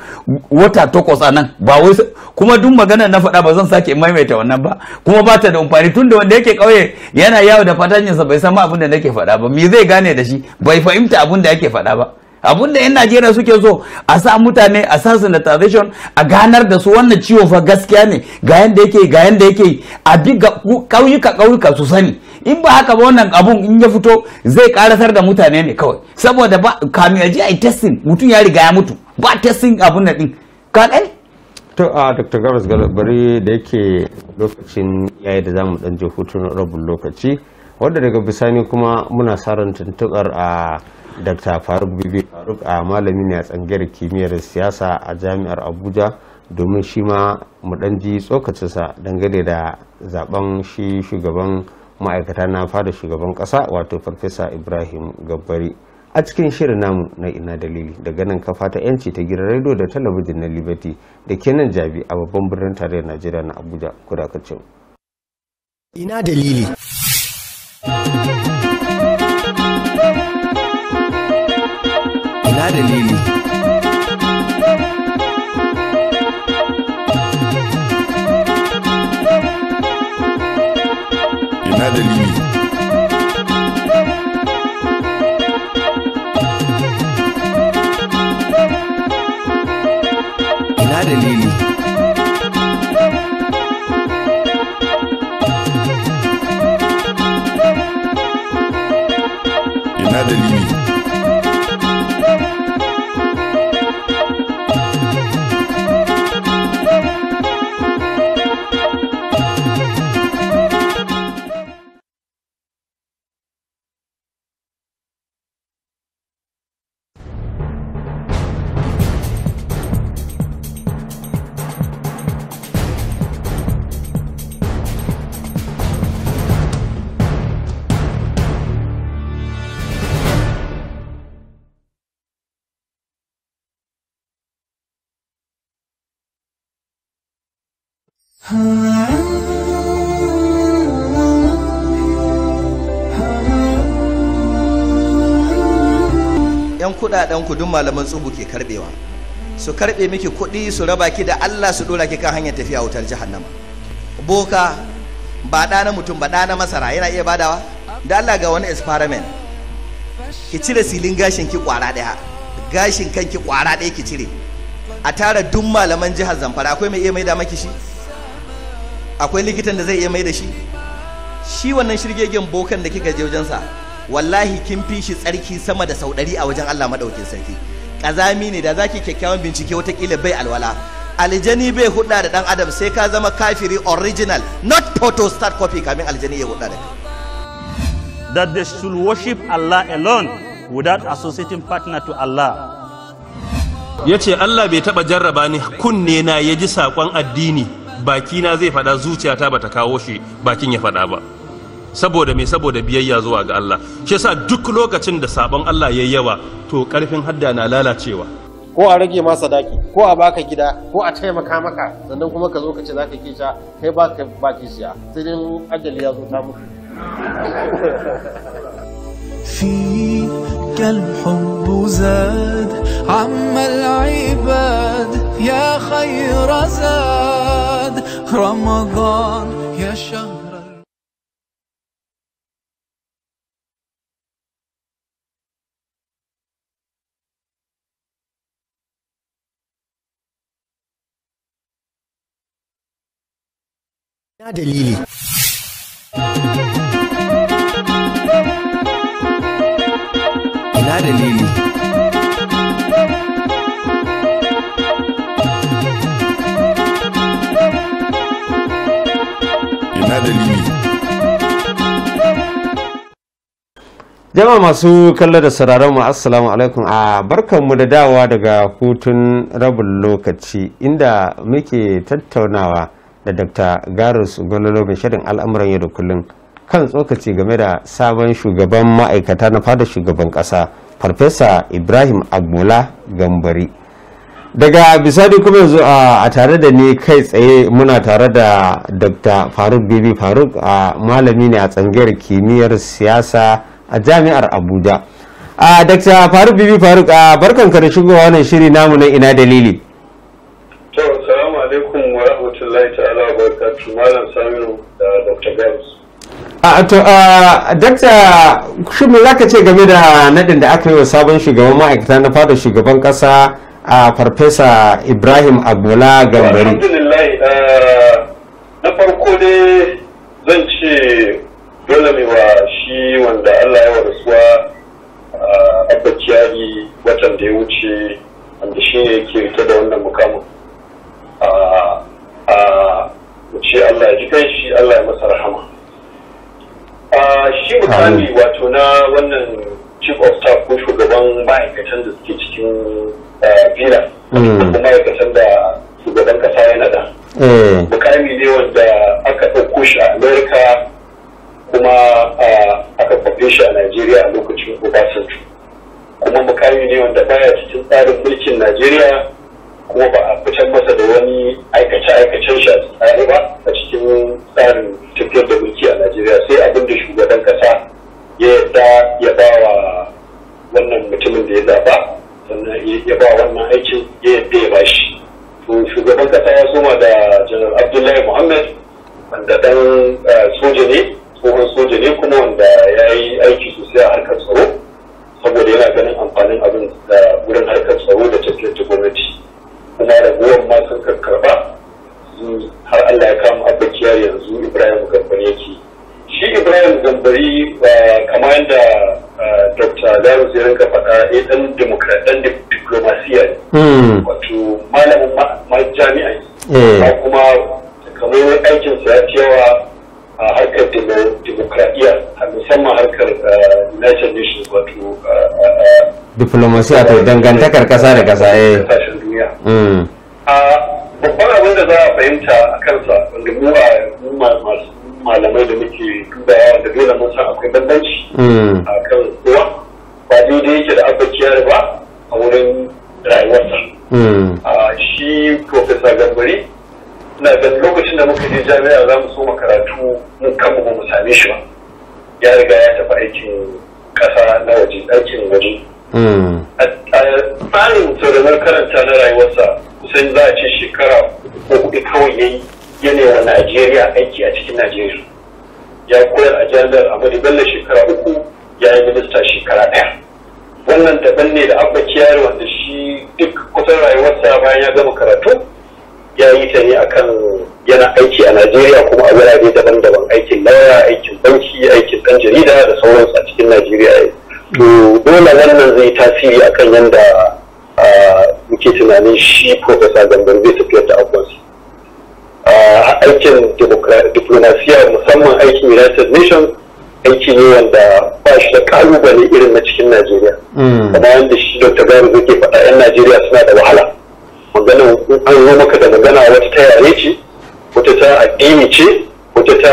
wata takwas a nan ba wai kuma duk magana na faɗa ba zan sake maimaita wannan ba kuma ba ta da amfani tun da wanda yake kauye yana yawo da fatanyinsa bai san ma abin da nake faɗa ba me zai gane da shi bai fahimta abin da yake faɗa ba abun da 'yan najeriya suke so a sa mutane a sa sanitization a ganar da su wannan ciwo fa gaskiya ne ga yanda yake ga yanda yake a duk kauyuka kauyuka su sani in ba haka ba wannan abun in ya fito zai karasar da mutane ne kawai saboda ba kamin aji ai testing mutum ya riga ya mutu ba testing abun nan din ka dai to a dr gabas bari da yake lokacin yayi da zamu dan je hutun rabin lokaci wanda daga bisani kuma muna sa tuntukar. a dr faruk bibi faruk a malami ne a tsangiyar kimiyyar siyasa a jami'ar abuja domin shi ma mu dan ji tsokacinsa dangane da zaben shi shugaban ma'aikata na fada shugaban kasa wato farfesa ibrahim gabbari a cikin shirin namu na ina dalili daga nan kafa ta yanci ta gidan rediyo da talabijin na liberty da kenan jabi a babban birnin tarayyar najeriya na abuja kudakacin ina dalili ina dalili ina dalili ina dalili ina kudaden ku duk malaman tsubu ke karbewa su karbe miki kuɗi su raba ki da Allah su dora ki kan hanyar tafiya wutar jahannama boka ba ɗa na mutum ba ɗa na masara yana iya badawa da Allah ga wani experiment ki cire silin gashin ki kwara ɗaya gashin kan ki kwara ɗaya ki cire a tara duk malaman jihar Zamfara akwai mai iya mai da maki shi akwai likitan da zai iya mai da shi shi wannan shirgegen bokan da kika je wajensa wallahi kin fi shi tsarki sama da sau ɗari a wajen Allah maɗaukin sarki ƙazami ne da zaki kyakkyawan bincike watakila bai alwala aljani bai hudda da ɗan adam sai ka zama kafiri original not photo start copy kamin aljani ya hudda da kai that they should worship Allah alone without associating partner to Allah ya ce Allah bai taɓa jarraba ni kunne na ya ji saƙon addini na zai faɗa zuciyata bata kawo shi bakin ya faɗa ba saboda mai saboda biyayya zuwa ga Allah shi yasa duk lokacin da sabon Allah yayi yawa to karfin hadda na lalacewa ko a rage ma sadaki ko a baka gida ko a taimaka maka sannan kuma ka zo ka ce zaka kisha kai ba ka ba kishiya sai dai ajali ya zo ta mutu الحب زاد عم العباد يا خير زاد رمضان يا شهر dalili. Ina dalili. Ina dalili. Jama masu kallo da sararin mu assalamu alaikum a barkanmu da dawa daga hutun rabin lokaci inda muke tattaunawa da dr garus gonolog shirin al'amuran yau da kullum kan tsokaci game da sabon shugaban ma'aikata na fada shugaban ƙasa farfesa ibrahim agbola gambari daga bisani kuma yanzu a tare da ni kai tsaye muna tare da dr faruk bibi faruk a malami ne a tsangiyar kimiyyar siyasa a jami'ar abuja a dr faruk bibi faruk a barkan karshen shigowa wannan shiri namu na ina dalili Malam to shi ce game da nadin da aka yi wa sabon shugaban ma'aikata na fada shugaban kasa a farfesa ibrahim agbola gambari na farko dai zan ce dole ne wa shi wanda allah ya warasuwa abba kiyayi watan da ya wuce wanda shi ne yake rike da wannan mukamin shi Allah ya ji kai shi Allah ya masa rahama a shi mutane wato na wannan chief of staff ko shugaban ma'aikatan da suke cikin bira hmm. ko ma'aikatan da shugaban kasa ya nada eh. mukami ne wanda aka ɗauko shi a Amurka kuma aka kwafe shi a najeriya a lokacin obasanjo kuma mukami ne wanda baya cikin tsarin mulkin najeriya kuma ba a fitar masa da wani aikace-aikacen shi a tsare ba a cikin tsarin tafiyar da mulki a najeriya sai abin da shugaban kasa ya yadda ya ba wa wannan mutumin da ya zaba sannan ya ba wannan aikin ya yadda ya ba shi to shugaban kasa ya soma da janar abdullahi muhammad wanda dan eh, soja ne tsohon soja ne kuma wanda ya yi aiki sosai a harkar tsaro saboda yana ganin amfanin abin da wurin harkar tsaro da tafiyar gwamnati kuma goyon ma sun karkarba har Allah ya kama abba yanzu Ibrahim Gambari ce. shi Ibrahim Gambari ah, kamar yadda ah, Dr. Zaru zai rinka faɗa ya eh, ɗan demokradan diplomasiya ne hmm. wato malamin majami'ai. ne eh. kuma kamar aikinsa ya fi a harkar demokradiyya a musamman harkar ah, united nations wato diplomasiya ta dangantakar kasa da kasa eh babban abin da za a fahimta a kansa wanda mu malamai da muke dubawa da dole mun san akwai bambanci a kan kowa ba daidai yake da abokiyar ba a wurin rayuwarsa shi profesa gambari na ga lokacin da muka je jami'a za mu so makaratu mun kama ba mu same shi ba ya riga ya tafi aikin kasa na waje ɗakin waje a tsarin tsoron karanta na rayuwarsa kusan za a ce shekara ko kuɗi kawai ya yi yanayin najeriya aiki a cikin najeriya ya koyar a jami'ar amadu bello shekara uku ya yi minista shekara ɗaya wannan daban ne da abba kiyar wanda shi duk kusan rayuwarsa bayan ya gama karatu ya yi ta ne akan yana aiki a najeriya kuma a wurare daban-daban aikin lauya aikin banki aikin ɗan jarida da sauransu a cikin najeriya to dole wannan zai tasiri akan yadda muke tunanin shi profesa gandon zai tafiyar da abuwansu aikin diplomasiya musamman aikin united nations aiki ne wanda ba shi da kalubale irin na cikin najeriya hmm. kuma yadda shi dr gano zai faɗa 'yan najeriya suna da wahala magana an zo maka da magana wata ta yare ce wata ta addini ce wata ta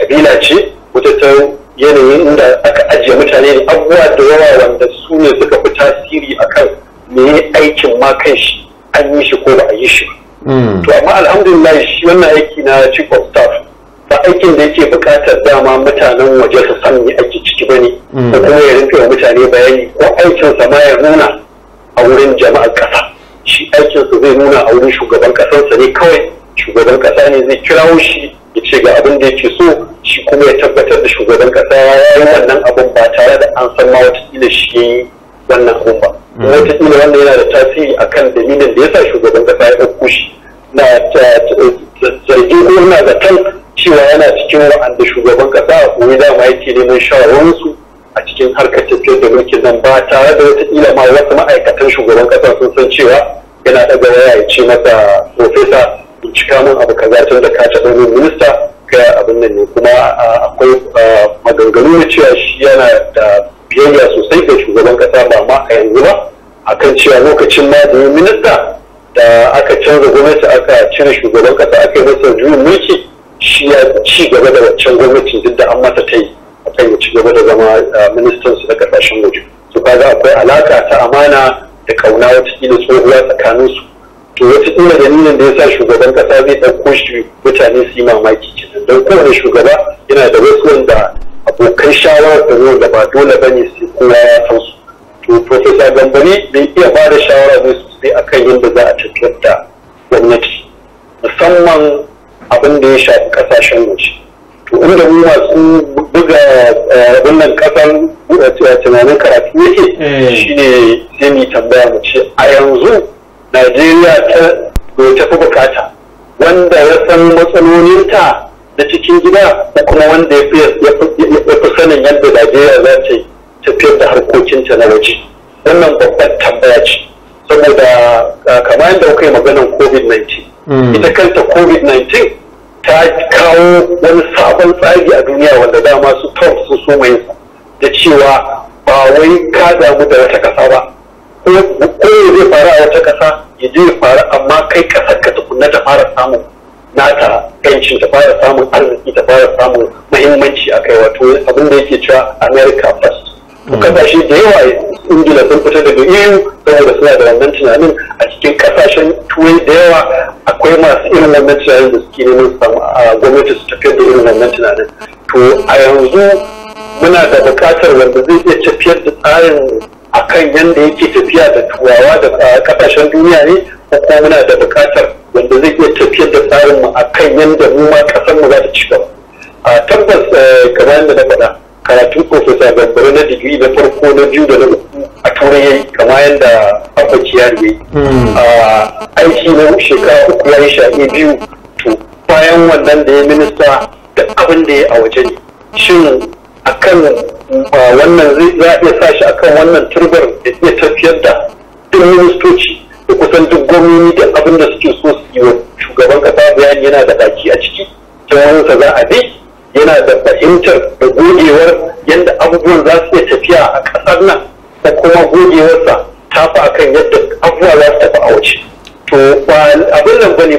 kabila eh, ce wata ta yanayin inda aka ajiye mutane ne abubuwa da yawa wanda su ne suka fi tasiri akan me aikin ma kan shi an yi shi ko ba a yi shi hmm. to amma alhamdulillah shi wannan aiki na chief of staff ba aikin da yake buƙatar dama mutanen waje su san me ake ciki ba ne hmm. ko kuma ya rinka mutane bayani ko aikinsa ma ya nuna a wurin jama'ar ƙasa shi aikinsu zai nuna a wurin shugaban ƙasarsa ne kawai shugaban ƙasa ne zai kirawo shi ya ce ga abin da yake so shi kuma ya tabbatar da shugaban kasa ya yi wannan abin ba tare da an san ma wata shi wannan abin ba wata wannan yana da tasiri a kan dalilin da ya sa shugaban kasa ya ɗauko shi na zargin ko na zaton cewa yana cikin wa'anda shugaban kasa a koyi dama yake neman shawarwarsu a cikin harkar tafiyar da mulkin nan ba tare da wata ma wasu ma'aikatan shugaban kasa sun san cewa yana ɗaga waya ya ce masa profesa cika mun abu kaza tun da ka taɓa min minista ga abin nan ne kuma akwai maganganu na cewa shi yana da biyayya sosai ga shugaban kasa ba ma a yanzu ba akan cewa lokacin ma da minista da aka canza gwamnati aka cire shugaban kasa aka yi masa juyin mulki shi ya ci gaba da wancan gwamnati duk da an mata ta yi akan ya ci gaba da zama ministan su da kasashen waje to kaga akwai alaka ta amana da kauna wata kila tsohuwa tsakanin su to wata ina dalilin da ya sa shugaban kasa zai ɗauko shi mutane su yi mamaki kenan don kowane shugaba yana da wasu wanda abokan shawarar da wanda ba dole ba ne sai kowa ya san su to profesa gambari bai iya ba da shawara ne sosai akan yadda za a tafiyar da gwamnati musamman abin da ya shafi kasashen waje to inda mu masu buga wannan eh, kasan eh, tunanin karatu yake eh. shine sai mu tambaya mu ce a yanzu najeriya ta ta fi bukata wanda ya san matsalolinta da cikin gida da kuma wanda ya fi sanin yadda najeriya za ta tafiyar da harkokinta na waje wannan babbar tambaya ce saboda ah, kamar yadda kuka yi maganar covid-19 hmm. ita kanta covid-19 ta kawo wani sabon tsari a duniya wanda dama su tom su sumayinsa da cewa ba wai ka damu da wata kasa ba ko zai faru a wata ƙasa ya je ya faru amma kai ƙasar ka tukunna ta fara samun nata yancin ta fara samun arziki ta fara samun mahimmanci a kai wato abin da yake cewa america first kasashe hmm. da yawa ingila sun fita daga eu saboda suna da wannan tunanin a cikin kasashen turai da yawa akwai masu irin wannan tunanin da suke neman samu a gwamnati su tafiyar da irin wannan tunanin to a yanzu muna da bukatar wanda zai iya tafiyar da tsarin akan yadda yake tafiya da turawa da kasashen duniya ne ko muna da bukatar wanda zai iya tafiyar da tsarin mu akan yadda mu ma kasanmu mu za ta ci gaba a tabbas eh, kamar yadda na faɗa karatun profesa gambara na digiri na farko na biyu da na uku a turai yayi kamar yadda akwaci ya yi hmm. a aiki na shekara uku ya yi shaɗe biyu to bayan wannan da ya minista da abin da ya a waje ne shin akan wannan zai ya iya sa shi akan wannan turbar da iya tafiyar da duk ministoci da kusan duk gwamnoni da abin da suke so su yi wa shugaban kasa bayani yana da baki a ciki kyawansa za a bi yana da fahimtar da gogewar yadda abubuwan za su iya tafiya a kasar nan da kuma gogewarsa tafi akan yadda abubuwa za su tafi a waje to abin nan bane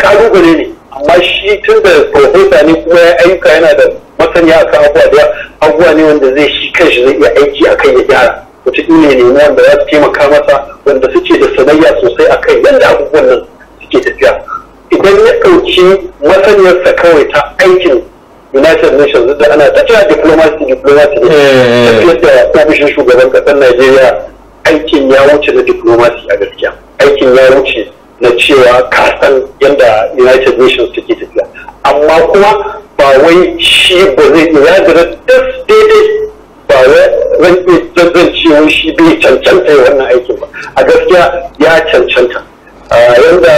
kalubale ne amma shi tun da profesa ne kuma ya ayyuka yana da masaniya akan abuwa. da abuwa ne wanda zai shi kanshi zai iya aiki akan ya gyara wata ne ne wanda za su taimaka masa wanda suke da sanayya sosai akan yadda abubuwan nan suke tafiya idan ya ɗauki masaniyarsa kawai ta aikin United Nations da ana ta cewa diplomacy diplomacy ne tafiyar eh, eh. da ofishin shugaban ƙasar Najeriya aikin ya wuce na diplomacy a gaskiya aikin ya wuce na cewa kasan yadda united nations suke tafiya amma kuma ba wai shi ba zai iya da daidai ba wai zan cewa shi bai cancanta ya wannan aikin ba a gaskiya ya cancanta yadda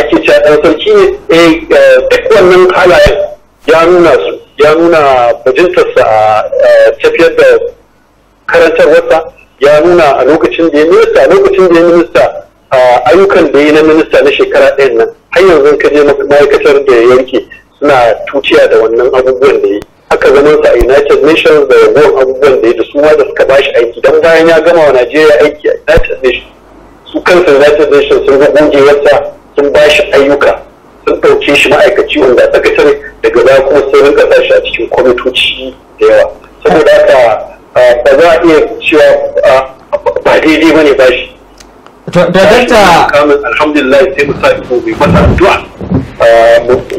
ake cewa ɗan sarki ne eh, duk wannan halayen ya nuna su ya nuna bajintarsa a tafiyar da karantarwarsa ya nuna a lokacin da ya minista a lokacin da ya minista ayyukan da yi na minista na shekara ɗayan nan har yanzu ka je ma'aikatar da ya yanke suna tuciya da wannan abubuwan da yi haka zaman sa a United Nations da yawan abubuwan da ya da su ma da suka ba shi aiki don bayan ya gama wa Najeriya aiki a United Nations su kansu United Nations sun ga gogewarsa sun ba shi ayyuka sun ɗauke shi ma'aikaci wanda sakatare daga baya kuma sai rinka sa shi a cikin kwamitoci da yawa saboda haka ba za a iya cewa ba daidai ba ne ba shi. da dakta alhamdulillah sai mu sa ido mai masa addu'a ah,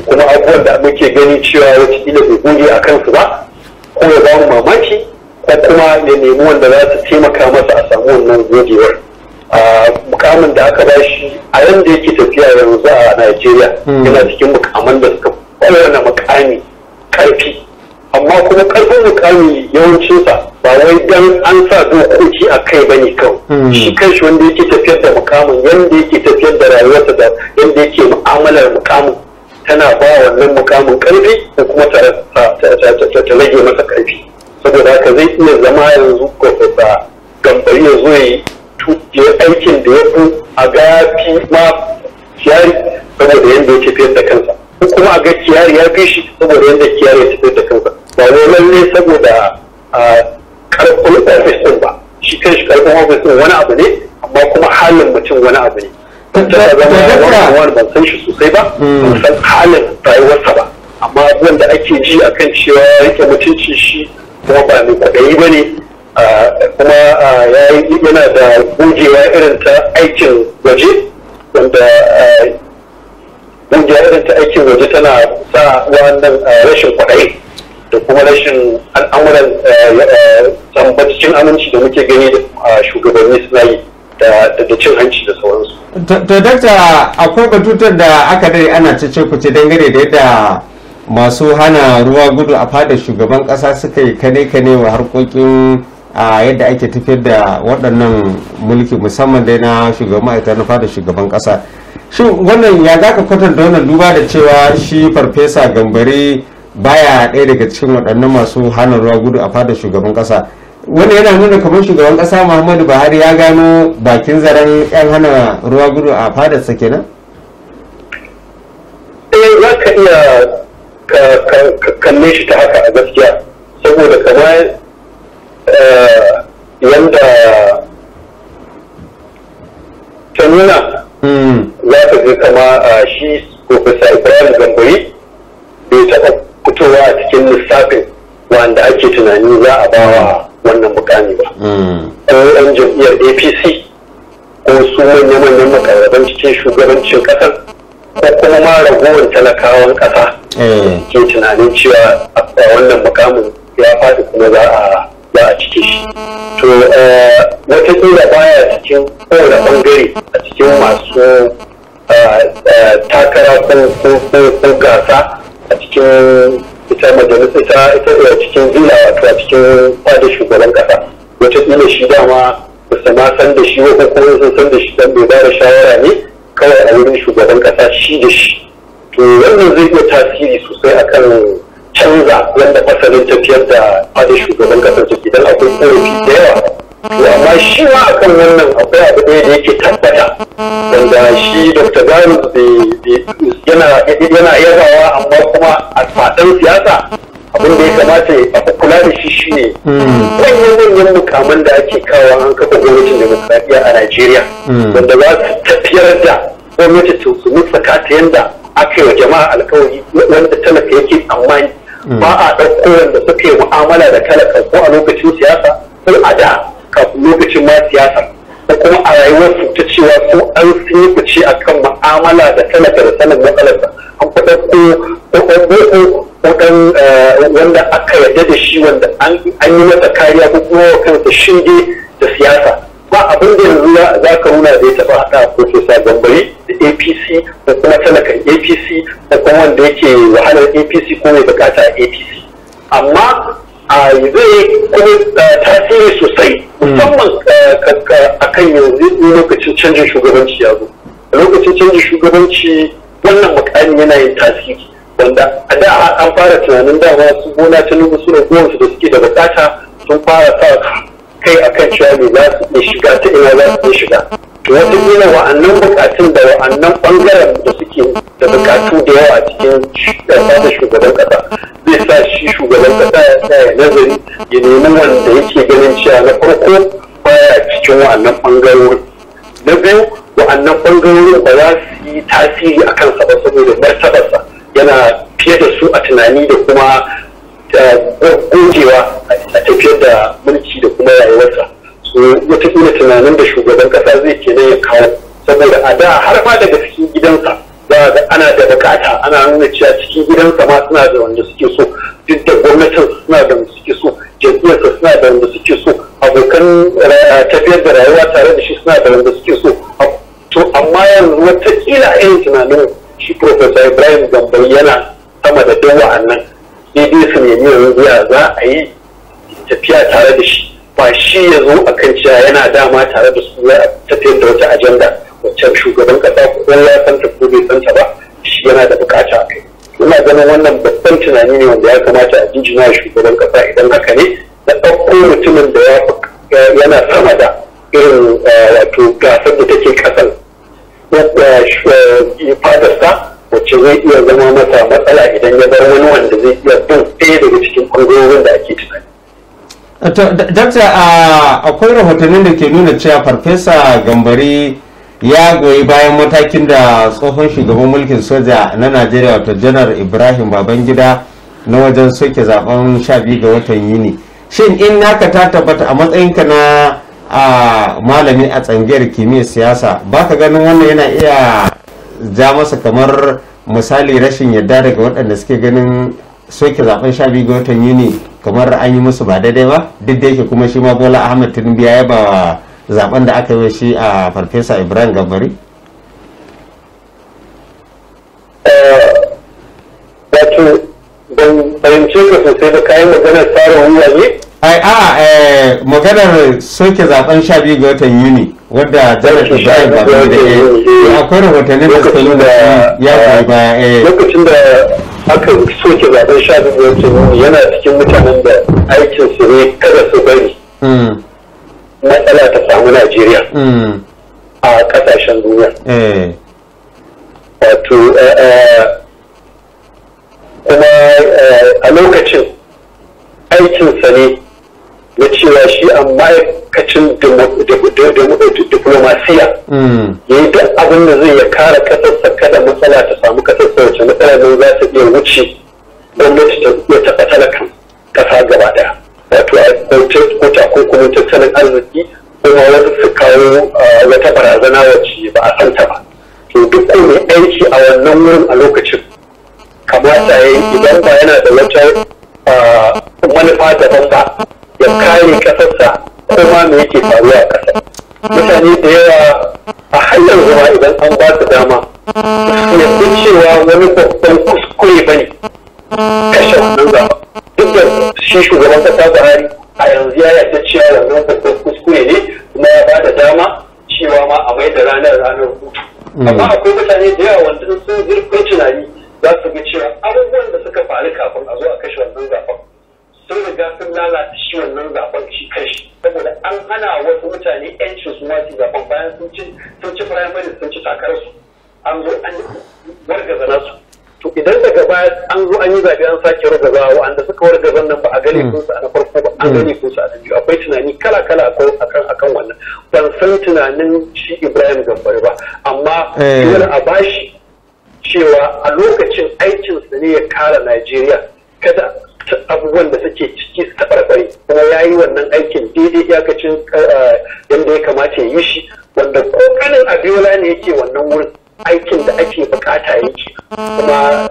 kuma abubuwan da muke gani cewa wata kila bai goge a kansu ba ko ya bamu mamaki ko kuma ya nemi wanda za su taimaka masa a samu wannan gogewar ah, mukamin da aka ba shi a yanda yake tafiya yanzu a Najeriya hmm. yana cikin mukaman da suka kowane mukami karfi amma kuma karfin mukami yawancin sa ba wai dan an sa dokoki a kai ba ne kan hmm. shi kanshi wanda yake tafiyar da mukamin yanda yake tafiyar da rayuwarsa da yanda yake mu'amalar mukamin tana ba wannan mukamin karfi ko kuma ta rage masa karfi saboda haka zai iya zama yanzu ko ba gambari ya zo ya aikin da ya fi a gafi ma kiyari saboda yadda ya tafiyar da kansa ko kuma a ga kiyari ya fi shi saboda yadda kiyari ya tafiyar da kansa ba wai lalle saboda karfin ofis din ba shi kan shi karfin ofis din wani abu ne amma kuma halin mutum wani abu ne tattara zama wani ban san shi sosai ba ban hmm. san halin rayuwarsa ba amma abubuwan da ake ji akan cewa yake mutunci shi kuma ba mai kwaɗayi ba ne kuma yana da gogewa irin ta aikin waje wanda gogewa irin ta aikin waje tana sa wannan rashin kwaɗayi da kuma rashin al'amuran eh, eh, tambacin aminci da muke gani da shugabanni suna yi da cin hanci da sauransu. To dakta akwai batutar da aka dai ana cece kuce dangane da yadda masu hana ruwa gudu a fadar shugaban kasa suka yi kane-kane wa harkokin a yadda ake tafiyar da waɗannan mulki musamman dai na shugaban ma'aikata na fadar shugaban kasa. Shin wannan ya za ka kwatanta wannan duba da cewa shi farfesa gambari baya ɗaya daga cikin waɗannan masu hana ruwa gudu a fadar shugaban ƙasa wanda yana nuna kamar shugaban ƙasa muhammadu buhari ya gano bakin zaren yan hana ruwa gudu a sa kenan? eh za ka iya kalle shi ta haka a gaskiya saboda kamar eh, yadda ta hmm. za ka je kama ah, shi profesa ibrahim gambari bai taɓa fitowa a cikin lissafin wanda ake tunani za a ba wa wannan mukami ba hmm. ko yan jam'iyyar apc ko su manya-manyan makarraban cikin shugabancin kasar ko kuma ma ragowar talakawan ƙasa. Eh. ke tunanin cewa a wannan mukamin ya faɗi kuma za a ba a cike shi to eh, wataƙila baya cikin kowane bangare a cikin masu eh, takara ko gasa a cikin ita majalisar ita ita a eh, cikin zila wato a cikin kwadar shugaban kasa wata da shi dama ba su ma san da shi wa ko kuma sun san da shi dan bai da shawara ne kawai a wurin shugaban kasa shi da shi to wannan zai iya tasiri sosai akan canza wanda fasalin tafiyar da kwadar shugaban kasa take idan akwai korafi da yawa amma shi ma a kan wannan akwai abu ɗaya da yake tabbata wanda shi dr garus yana yabawa amma kuma a siyasa abin da ya kamata a kula da shi shine manyan manyan mukaman da ake kawo an kafa gwamnatin demokradiyya a najeriya wanda za su tafiyar da gwamnati su nutsaka ta yanda aka yi wa jama'a alkawari wanda talaka yake amma ba a ɗauko wanda suka yi mu'amala da talaka ko a lokacin siyasa sai a da kafin lokacin ma siyasa ko kuma a su ta cewa ko an sun yi a kan ma'amala da talaka da sanin matsalarsa an kuɗa ko ɗan boko ko ɗan eh, wanda aka yarda da shi wanda an yi masa kariya ko kuma kansa shinge da siyasa ba abin da yanzu za ka nuna da ya taɓa haɗa ko ke sa gambari da apc ko kuma talakan apc ko kuma wanda yake wahalar apc ko mai bukata apc amma a zai kuma eh, tasiri sosai musamman eh, a kan yanzu lokacin canjin shugabanci ya zo lokacin canjin shugabanci wannan makani yana yin tasiri wanda a da an fara tunanin dama su gona ta nufi suna kowansu da suke da bukata sun fara sa kai a kan cewa me za su iya shiga ta ina za su iya shiga wata wa'annan bukatun da wa'annan bangaren da suke da bukatu da yawa cikin ƙasa da shugaban kasa zai sa shi shugaban kasa ya sa ya nazari ya nemi wanda yake ganin cewa na farko baya cikin wa'annan bangarorin na biyu wa'annan bangarorin ba za su yi tasiri a kansa ba saboda martabarsa yana fiye da su a tunani da kuma eh, gogewa a tafiyar da mulki da kuma rayuwarsa watakila tunanin da shugaban kasa zai ke ya kawo saboda a da har ma daga cikin gidansa za ga ana da bukata ana nuna cewa cikin gidansa ma suna da wanda suke so duk da gwamnatin suna da wanda suke so jam'iyyarsa suna da wanda suke so abokan eh, tafiyar da rayuwa tare da shi suna da wanda suke so to amma yanzu watakila yin tunanin shi profesa ibrahim gambar yana sama da a nan sai dai su nemi yanzu ya za a yi tafiya tare da shi ba shi ya zo a kan cewa yana dama tare da su ya tafiyar da wata ajanda wacce shugaban kasa ko ya ta ko bai san ta ba shi yana da bukata a kai ina ganin wannan babban tunani ne wanda ya kamata a jinjina shugaban kasa idan haka ne na ɗauko mutumin da yana sama da irin eh, wato gasar da take kasan eh, eh, fadarsa wacce zai iya zama masa matsala idan ya bar wani wanda zai iya bin ɗaya daga cikin ɓangarorin da ake tunani dakta akwai rahotannin da ke nuna cewa farfesa gambari ya goyi bayan matakin da tsohon shugaban mulkin soja na najeriya wato janar ibrahim babangida na wajen soke zaben 12 ga watan yuni shin in naka ta tabbata a matsayinka na a malami a tsangiyar kimiyya siyasa baka ganin wannan yana iya ja masa kamar misali rashin yarda daga waɗanda suke ganin soke zaben 12 ga watan yuni kamar an yi musu ba daidai ba duk da yake kuma shi ma bola ahmed tinubu ya ba zaben da aka yi shi a farfesa ibrahim gabari eh, ban sosai da kayan maganar tsarin wuya ne a eh, maganar soke zaben sha biyu ga watan yuni wadda janar ibrahim gabari da ya akwai rahotannin da suka yi da ya baya eh. lokacin da aka soke zaben sha biyar tinubu yana cikin mutanen da aikin su ne kada su bari hmm. matsala ta samu najeriya hmm. a kasashen duniya eh. wato eh, eh, kuma a lokacin aikinsa ne na cewa shi a ma'aikacin diplomasiya hmm. ya yi duk abin da zai ya kare kasarsa kada matsala ta samu kasarsa wacce matsala ne za ta bauchi gwamnati ta iya taɓa talakan ƙasa gaba ɗaya wato a ko kuma tattalin arziki kuma wasu su kawo ah, wata barazana wacce ba a santa ba to duk mai aiki a wannan wurin a lokacin kamata ya yi idan ba yana da wata ah, manufa daban ba ya kare ƙasarsa ma me yake faruwa a ƙasar mutane da yawa a hanyar zama idan an ba su dama su yanzu cewa wani babban kuskure ba ne kashe wannan duk da shi shugaban kasa buhari a yanzu ya yadda cewa wannan babban kuskure ne kuma ya ba da dama cewa ma a mai da ranar ranar hutu hmm. amma akwai mutane da yawa wanda sun zurfin tunani za su ga cewa abubuwan da suka faru kafin a zo a kashe wannan zafon sun riga sun lalata shi wannan zaben shi kashi saboda an hana wasu mutane yancin su ma su zaben bayan sun ci sun ci sun ci takarar an zo an wargaza nasu to idan daga baya an zo an yi zabe an sake wargaza wanda suka wargaza nan ba a gane hmm. sun su na farko ba an gane sun su a na biyu akwai tunani kala kala akan akan wannan ban san tunanin shi Ibrahim Gambari ba amma eh. dole a bashi cewa a lokacin aikinsa ne ya kare Najeriya kada abubuwan da suke ciki su taɓarɓare kuma ya yi wannan aikin daidai iyakacin eh, yadda ya kamata ya yi shi wanda ko kanin abiola ne yake wannan wurin aikin da ake kuma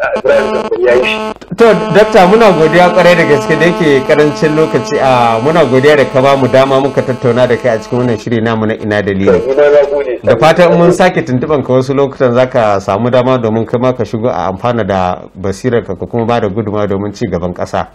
ya yi To, Dakta muna godiya kwarai da gaske da yake karancin lokaci a muna godiya da ka ba mu dama muka tattauna da kai a cikin wannan shiri namu na ina dalili. Da fatan mun sake tuntuban ka wasu lokutan za ka samu dama domin kama ka shigo a amfana da basirar ka kuma ba da guduma domin ci gaban ƙasa.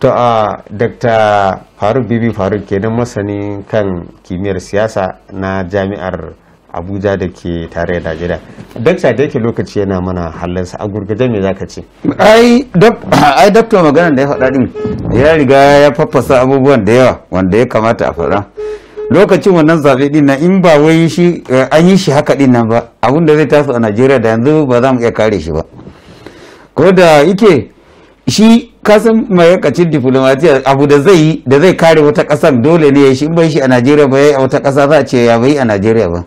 To a Dakta Faruk Bibi Faruk kenan masanin kan kimiyyar siyasa na jami'ar abuja da ke tare da najeriya dakta da yake lokaci yana mana halarsa a gurgurje me zaka ce ai dakta magana da ya faɗa din ya riga ya faffasa abubuwan da yawa wanda ya kamata a faɗa lokacin wannan zaɓe din na in ba wai shi eh, an yi shi haka din nan ba abun da zai taso a najeriya da yanzu ba za mu iya kare shi ba ko da yake shi kasan ma'aikacin diplomatiya abu da zai da zai kare wata ƙasar dole ne ya shi in bai shi a najeriya ba ya yi a wata ƙasa za a ce ya bai a najeriya ba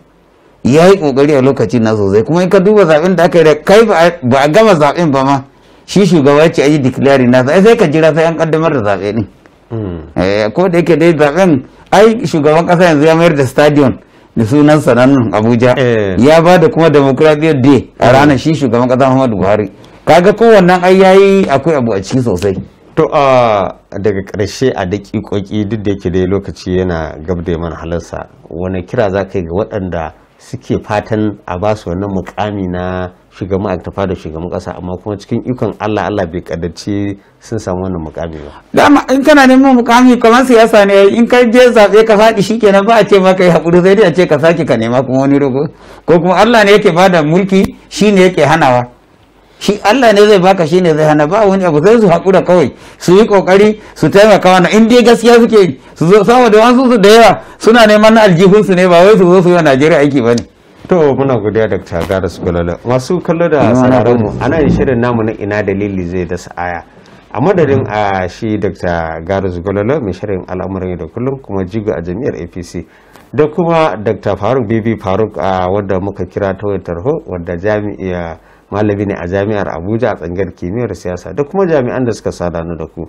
ya yi kokari a lokaci na sosai kuma in ka duba zaben da aka yi da kai ba a gama zaben ba ma shi shugaba ya ce a yi declaring nasa ai sai ka jira sai an kaddamar da zaɓe. ne hmm. eh, ko da yake dai zaben ai shugaban kasa yanzu ya mayar da stadium da sunan sanannun abuja eh. ya ba da kuma democratic day a hmm. ranar shi shugaban kasa muhammadu buhari kaga kowanne ai yayi akwai abu a ciki sosai to a daga ƙarshe a dakikoki duk da yake dai lokaci yana gab mana halarsa wani kira za ka yi ga waɗanda suke fatan a ba su wannan mukami na shugaban tafa da shugaban kasa amma kuma cikin ikon Allah Allah bai kaddace sun samu wannan mukami ba dama in kana neman mukami kamar siyasa ne in ka je zabe ka faɗi shikenan ba a ce maka yi hakuri sai dai a ce ka sake ka nema kuma wani rogo ko kuma Allah ne yake bada mulki shine yake hanawa shi Allah ne zai baka shine zai hana ba wani abu sai su haƙura kawai su yi ƙoƙari su taimaka wani in dai gaskiya suke su zo sama da wasu su da yawa suna neman na aljihunsu ne ba wai su zo su yi wa Najeriya aiki ba ne. to muna godiya da tagara su masu kallo da sararin mu ana shirin namu na ina dalili zai da sa'aya a madadin a shi dr garis gololo mai shirin al'amuran da kullum kuma jigo a jami'ar apc da kuma dr faruk bibi faruk a wadda muka kira ta tarho wadda jami'a malami ne a jami'ar abuja a tsangar kimiyyar siyasa da kuma jami'an da suka sadanu da ku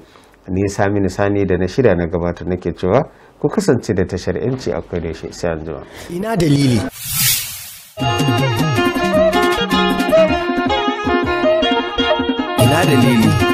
ni sami nisani da na shirya na gabatar nake cewa ku kasance da tashar yanci a kai da shi sai ina dalili ina dalili